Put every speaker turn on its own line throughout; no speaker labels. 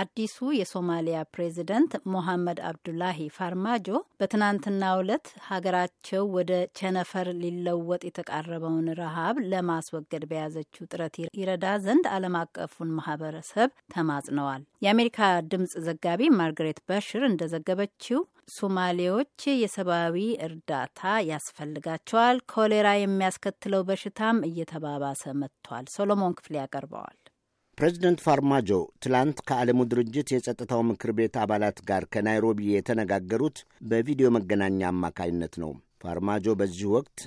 አዲሱ የሶማሊያ ፕሬዚደንት ሞሐመድ አብዱላሂ ፋርማጆ በትናንትናው ዕለት ሀገራቸው ወደ ቸነፈር ሊለወጥ የተቃረበውን ረሃብ ለማስወገድ በያዘችው ጥረት ይረዳ ዘንድ ዓለም አቀፉን ማህበረሰብ ተማጽነዋል። የአሜሪካ ድምጽ ዘጋቢ ማርግሬት በሽር እንደዘገበችው ሶማሌዎች የሰብአዊ እርዳታ ያስፈልጋቸዋል፣ ኮሌራ የሚያስከትለው በሽታም እየተባባሰ መጥቷል። ሶሎሞን ክፍሌ ያቀርበዋል።
ፕሬዚደንት ፋርማጆ ትላንት ከዓለሙ ድርጅት የጸጥታው ምክር ቤት አባላት ጋር ከናይሮቢ የተነጋገሩት በቪዲዮ መገናኛ አማካይነት ነው። ፋርማጆ በዚህ ወቅት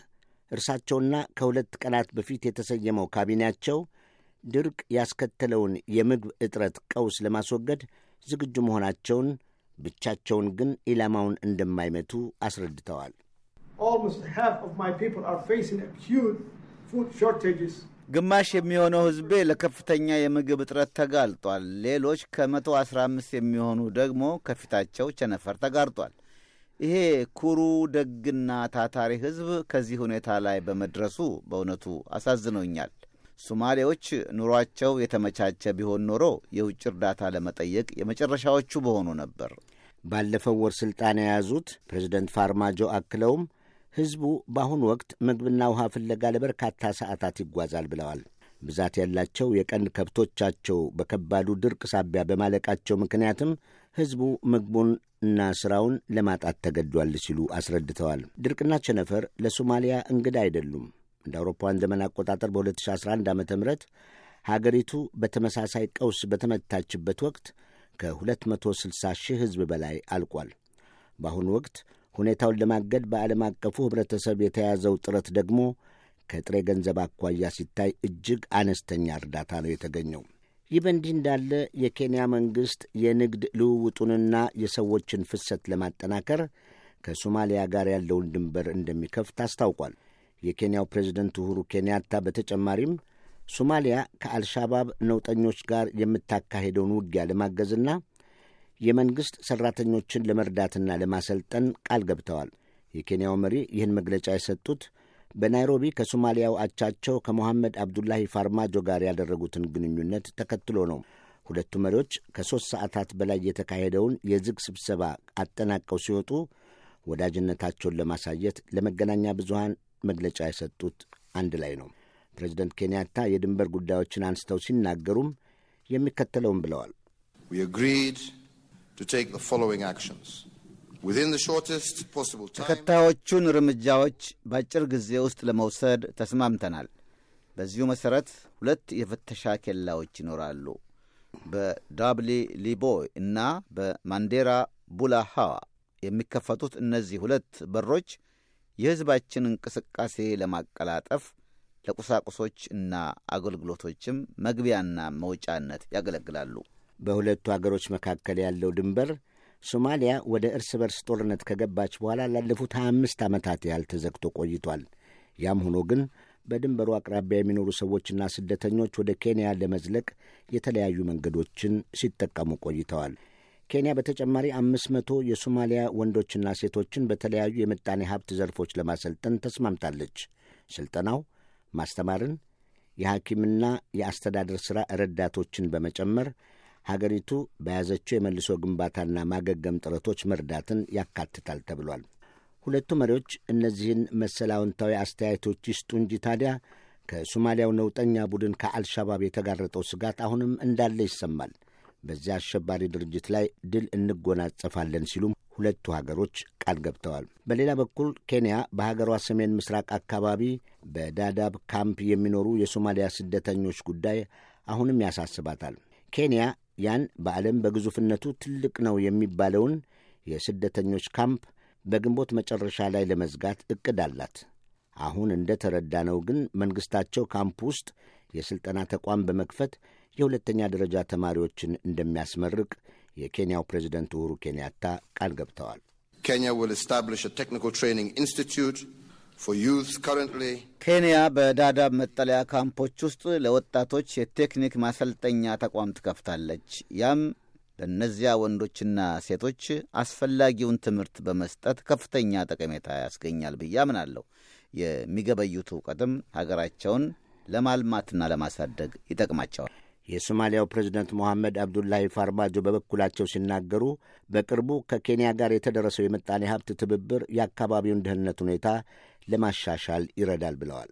እርሳቸውና ከሁለት ቀናት በፊት የተሰየመው ካቢኔያቸው ድርቅ ያስከተለውን የምግብ እጥረት ቀውስ ለማስወገድ ዝግጁ መሆናቸውን ብቻቸውን ግን ኢላማውን እንደማይመቱ
አስረድተዋል። ግማሽ የሚሆነው ህዝቤ ለከፍተኛ የምግብ እጥረት ተጋልጧል። ሌሎች ከመቶ አስራ አምስት የሚሆኑ ደግሞ ከፊታቸው ቸነፈር ተጋርጧል። ይሄ ኩሩ ደግና ታታሪ ሕዝብ ከዚህ ሁኔታ ላይ በመድረሱ በእውነቱ አሳዝኖኛል። ሶማሌዎች ኑሯቸው የተመቻቸ ቢሆን ኖሮ የውጭ እርዳታ ለመጠየቅ የመጨረሻዎቹ በሆኑ ነበር። ባለፈው ወር ስልጣን የያዙት
ፕሬዚደንት ፋርማጆ አክለውም ሕዝቡ በአሁኑ ወቅት ምግብና ውሃ ፍለጋ ለበርካታ ሰዓታት ይጓዛል ብለዋል። ብዛት ያላቸው የቀንድ ከብቶቻቸው በከባዱ ድርቅ ሳቢያ በማለቃቸው ምክንያትም ሕዝቡ ምግቡን እና ሥራውን ለማጣት ተገዷል ሲሉ አስረድተዋል። ድርቅና ቸነፈር ለሶማሊያ እንግዳ አይደሉም። እንደ አውሮፓውያን ዘመን አቆጣጠር በ2011 ዓ ም ሀገሪቱ በተመሳሳይ ቀውስ በተመታችበት ወቅት ከ260 ሺህ ሕዝብ በላይ አልቋል። በአሁኑ ወቅት ሁኔታውን ለማገድ በዓለም አቀፉ ኅብረተሰብ የተያዘው ጥረት ደግሞ ከጥሬ ገንዘብ አኳያ ሲታይ እጅግ አነስተኛ እርዳታ ነው የተገኘው። ይህ በእንዲህ እንዳለ የኬንያ መንግሥት የንግድ ልውውጡንና የሰዎችን ፍሰት ለማጠናከር ከሶማሊያ ጋር ያለውን ድንበር እንደሚከፍት አስታውቋል። የኬንያው ፕሬዝደንት ኡሁሩ ኬንያታ በተጨማሪም ሶማሊያ ከአልሻባብ ነውጠኞች ጋር የምታካሄደውን ውጊያ ለማገዝና የመንግሥት ሠራተኞችን ለመርዳትና ለማሰልጠን ቃል ገብተዋል። የኬንያው መሪ ይህን መግለጫ የሰጡት በናይሮቢ ከሶማሊያው አቻቸው ከሞሐመድ አብዱላሂ ፋርማጆ ጋር ያደረጉትን ግንኙነት ተከትሎ ነው። ሁለቱ መሪዎች ከሦስት ሰዓታት በላይ የተካሄደውን የዝግ ስብሰባ አጠናቀው ሲወጡ ወዳጅነታቸውን ለማሳየት ለመገናኛ ብዙሃን መግለጫ የሰጡት አንድ ላይ ነው። ፕሬዚደንት ኬንያታ የድንበር ጉዳዮችን አንስተው ሲናገሩም የሚከተለውም ብለዋል።
ተከታዮቹን እርምጃዎች በአጭር ጊዜ ውስጥ ለመውሰድ ተስማምተናል። በዚሁ መሠረት ሁለት የፍተሻ ኬላዎች ይኖራሉ፣ በዳብሊ ሊቦይ እና በማንዴራ ቡላሃዋ የሚከፈቱት እነዚህ ሁለት በሮች የሕዝባችን እንቅስቃሴ ለማቀላጠፍ ለቁሳቁሶች እና አገልግሎቶችም መግቢያና መውጫነት ያገለግላሉ።
በሁለቱ አገሮች መካከል ያለው ድንበር ሶማሊያ ወደ እርስ በርስ ጦርነት ከገባች በኋላ ላለፉት 25 ዓመታት ያህል ተዘግቶ ቆይቷል። ያም ሆኖ ግን በድንበሩ አቅራቢያ የሚኖሩ ሰዎችና ስደተኞች ወደ ኬንያ ለመዝለቅ የተለያዩ መንገዶችን ሲጠቀሙ ቆይተዋል። ኬንያ በተጨማሪ አምስት መቶ የሶማሊያ ወንዶችና ሴቶችን በተለያዩ የምጣኔ ሀብት ዘርፎች ለማሰልጠን ተስማምታለች። ስልጠናው ማስተማርን፣ የሐኪምና የአስተዳደር ሥራ ረዳቶችን በመጨመር ሀገሪቱ በያዘችው የመልሶ ግንባታና ማገገም ጥረቶች መርዳትን ያካትታል ተብሏል። ሁለቱ መሪዎች እነዚህን መሰል አዎንታዊ አስተያየቶች ይስጡ እንጂ ታዲያ ከሶማሊያው ነውጠኛ ቡድን ከአልሻባብ የተጋረጠው ስጋት አሁንም እንዳለ ይሰማል። በዚያ አሸባሪ ድርጅት ላይ ድል እንጎናጸፋለን ሲሉም ሁለቱ ሀገሮች ቃል ገብተዋል። በሌላ በኩል ኬንያ በሀገሯ ሰሜን ምስራቅ አካባቢ በዳዳብ ካምፕ የሚኖሩ የሶማሊያ ስደተኞች ጉዳይ አሁንም ያሳስባታል። ኬንያ ያን በዓለም በግዙፍነቱ ትልቅ ነው የሚባለውን የስደተኞች ካምፕ በግንቦት መጨረሻ ላይ ለመዝጋት እቅድ አላት። አሁን እንደ ተረዳነው ግን መንግሥታቸው ካምፕ ውስጥ የሥልጠና ተቋም በመክፈት የሁለተኛ ደረጃ ተማሪዎችን እንደሚያስመርቅ የኬንያው ፕሬዚደንት ኡሁሩ ኬንያታ ቃል ገብተዋል።
ኬንያ ዊል ኤስታብሊሽ ቴክኒካል ትሬኒንግ ኢንስቲትዩት ኬንያ በዳዳብ መጠለያ ካምፖች ውስጥ ለወጣቶች የቴክኒክ ማሰልጠኛ ተቋም ትከፍታለች። ያም ለእነዚያ ወንዶችና ሴቶች አስፈላጊውን ትምህርት በመስጠት ከፍተኛ ጠቀሜታ ያስገኛል ብዬ አምናለሁ። የሚገበዩት እውቀትም ሀገራቸውን ለማልማትና ለማሳደግ ይጠቅማቸዋል። የሶማሊያው ፕሬዚደንት ሞሐመድ አብዱላሂ
ፋርማጆ በበኩላቸው ሲናገሩ በቅርቡ ከኬንያ ጋር የተደረሰው የምጣኔ ሀብት ትብብር የአካባቢውን ደህንነት ሁኔታ ለማሻሻል ይረዳል ብለዋል።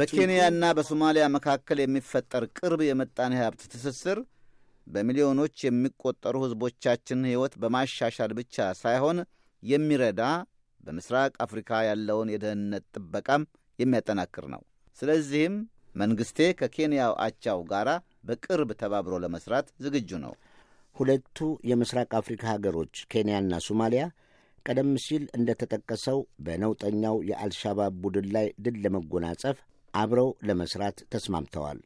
በኬንያና በሶማሊያ መካከል የሚፈጠር ቅርብ የምጣኔ ሀብት ትስስር በሚሊዮኖች የሚቆጠሩ ሕዝቦቻችን ሕይወት በማሻሻል ብቻ ሳይሆን የሚረዳ በምስራቅ አፍሪካ ያለውን የደህንነት ጥበቃም የሚያጠናክር ነው። ስለዚህም መንግሥቴ ከኬንያው አቻው ጋር በቅርብ ተባብሮ ለመስራት ዝግጁ ነው።
ሁለቱ የምስራቅ አፍሪካ ሀገሮች ኬንያና ሶማሊያ ቀደም ሲል እንደተጠቀሰው በነውጠኛው የአልሻባብ ቡድን ላይ ድል ለመጎናጸፍ አብረው ለመስራት ተስማምተዋል።